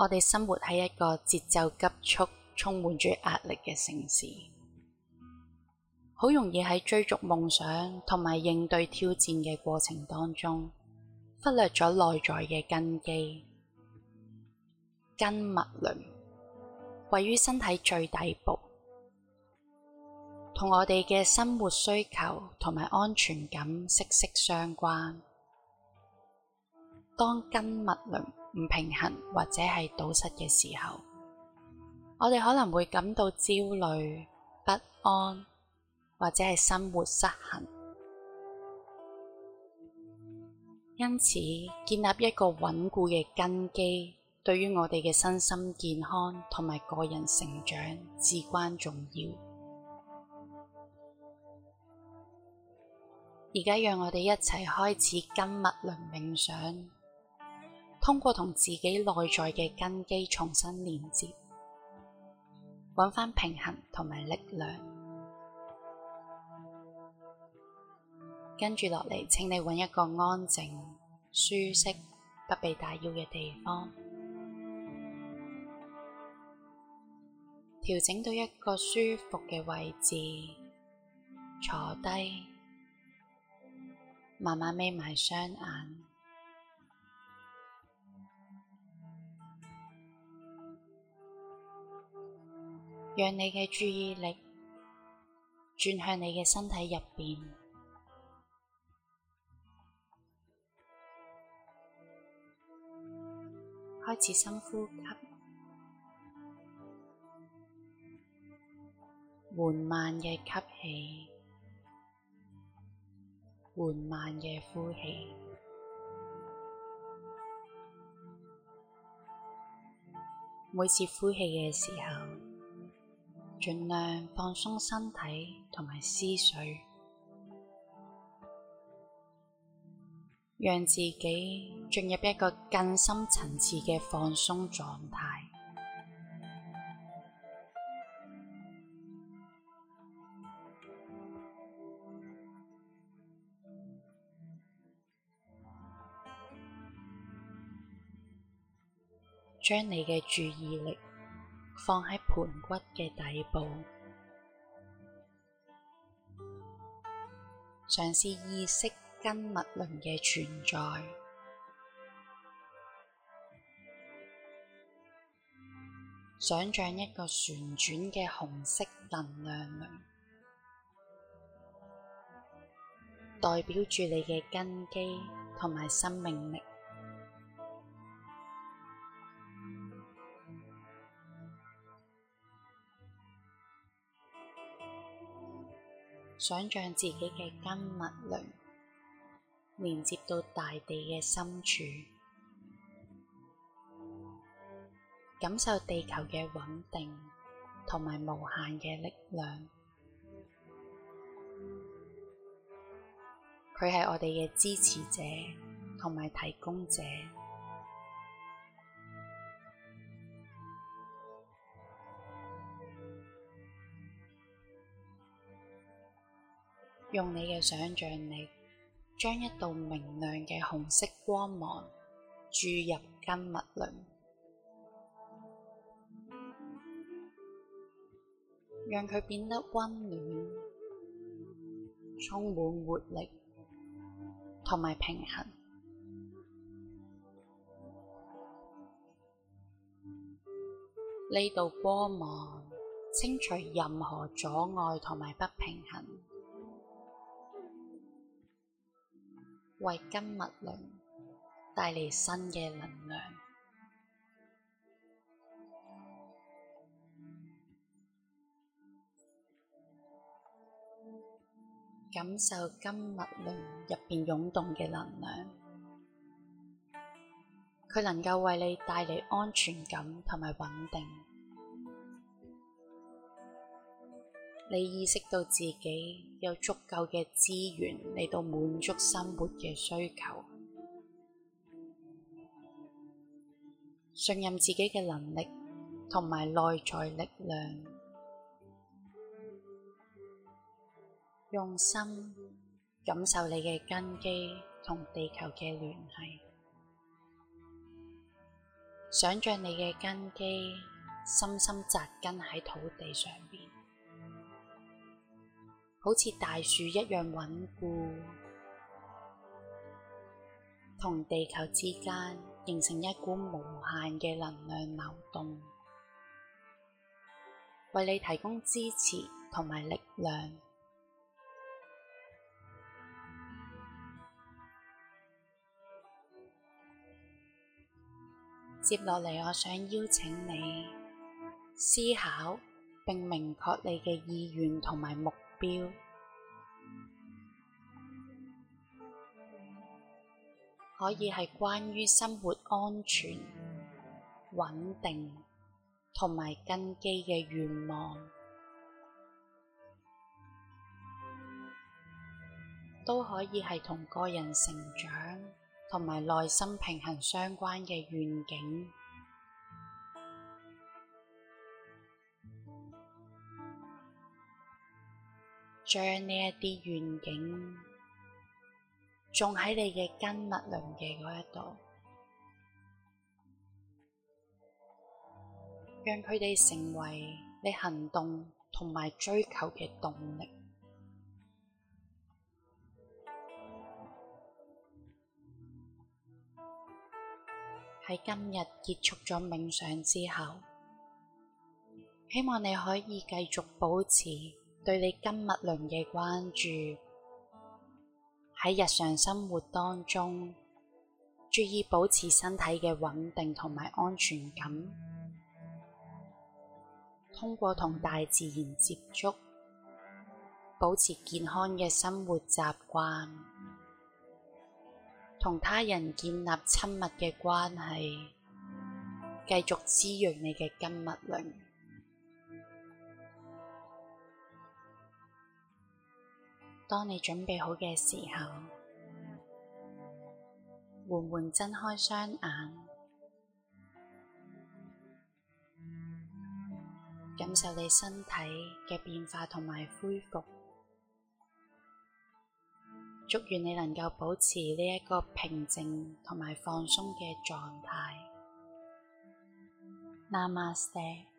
我哋生活喺一個節奏急速、充滿住壓力嘅城市，好容易喺追逐夢想同埋應對挑戰嘅過程當中，忽略咗內在嘅根基。根脈輪位於身體最底部，同我哋嘅生活需求同埋安全感息息相關。當根脈輪唔平衡或者係堵塞嘅時候，我哋可能會感到焦慮、不安，或者係生活失衡。因此，建立一個穩固嘅根基，對於我哋嘅身心健康同埋個人成長至關重要。而家，讓我哋一齊開始根脈輪冥想。通過同自己內在嘅根基重新連接，揾返平衡同埋力量。跟住落嚟，請你揾一個安靜、舒適、不被打擾嘅地方，調整到一個舒服嘅位置，坐低，慢慢眯埋雙眼。讓你嘅注意力轉向你嘅身體入面，開始深呼吸，緩慢嘅吸氣，緩慢嘅呼氣。每次呼氣嘅時候。盡量放鬆身體同埋思緒，讓自己進入一個更深層次嘅放鬆狀態，將你嘅注意力，放喺盆骨嘅底部，嘗試意識根脈輪嘅存在，想象一個旋轉嘅紅色能量輪，代表住你嘅根基同埋生命力。想象自己嘅根脈輪連接到大地嘅深處，感受地球嘅穩定同埋無限嘅力量。佢係我哋嘅支持者同埋提供者。用你嘅想象力，將一道明亮嘅紅色光芒注入根脈輪，讓佢變得温暖、充滿活力同埋平衡。呢道光芒清除任何阻礙同埋不平衡。為根脈輪帶嚟新嘅能量，感受根脈輪入邊湧動嘅能量，佢能夠為你帶嚟安全感同埋穩定。你意識到自己有足夠嘅資源嚟到滿足生活嘅需求，信任自己嘅能力同埋內在力量，用心感受你嘅根基同地球嘅聯繫，想象你嘅根基深深扎根喺土地上邊。好似大樹一樣穩固，同地球之間形成一股無限嘅能量流動，為你提供支持同埋力量。接落嚟，我想邀請你思考並明確你嘅意願同埋目標。標可以係關於生活安全、穩定同埋根基嘅願望，都可以係同個人成長同埋內心平衡相關嘅願景。將呢一啲願景種喺你嘅根脈輪嘅嗰一度，讓佢哋成為你行動同埋追求嘅動力。喺今日結束咗冥想之後，希望你可以繼續保持，對你根脈輪嘅關注，喺日常生活當中，注意保持身體嘅穩定同埋安全感，通過同大自然接觸，保持健康嘅生活習慣，同他人建立親密嘅關係，繼續滋養你嘅根脈輪。當你準備好嘅時候，緩緩睜開雙眼，感受你身體嘅變化同埋恢復。祝願你能夠保持呢一個平靜同埋放鬆嘅狀態。Namaste。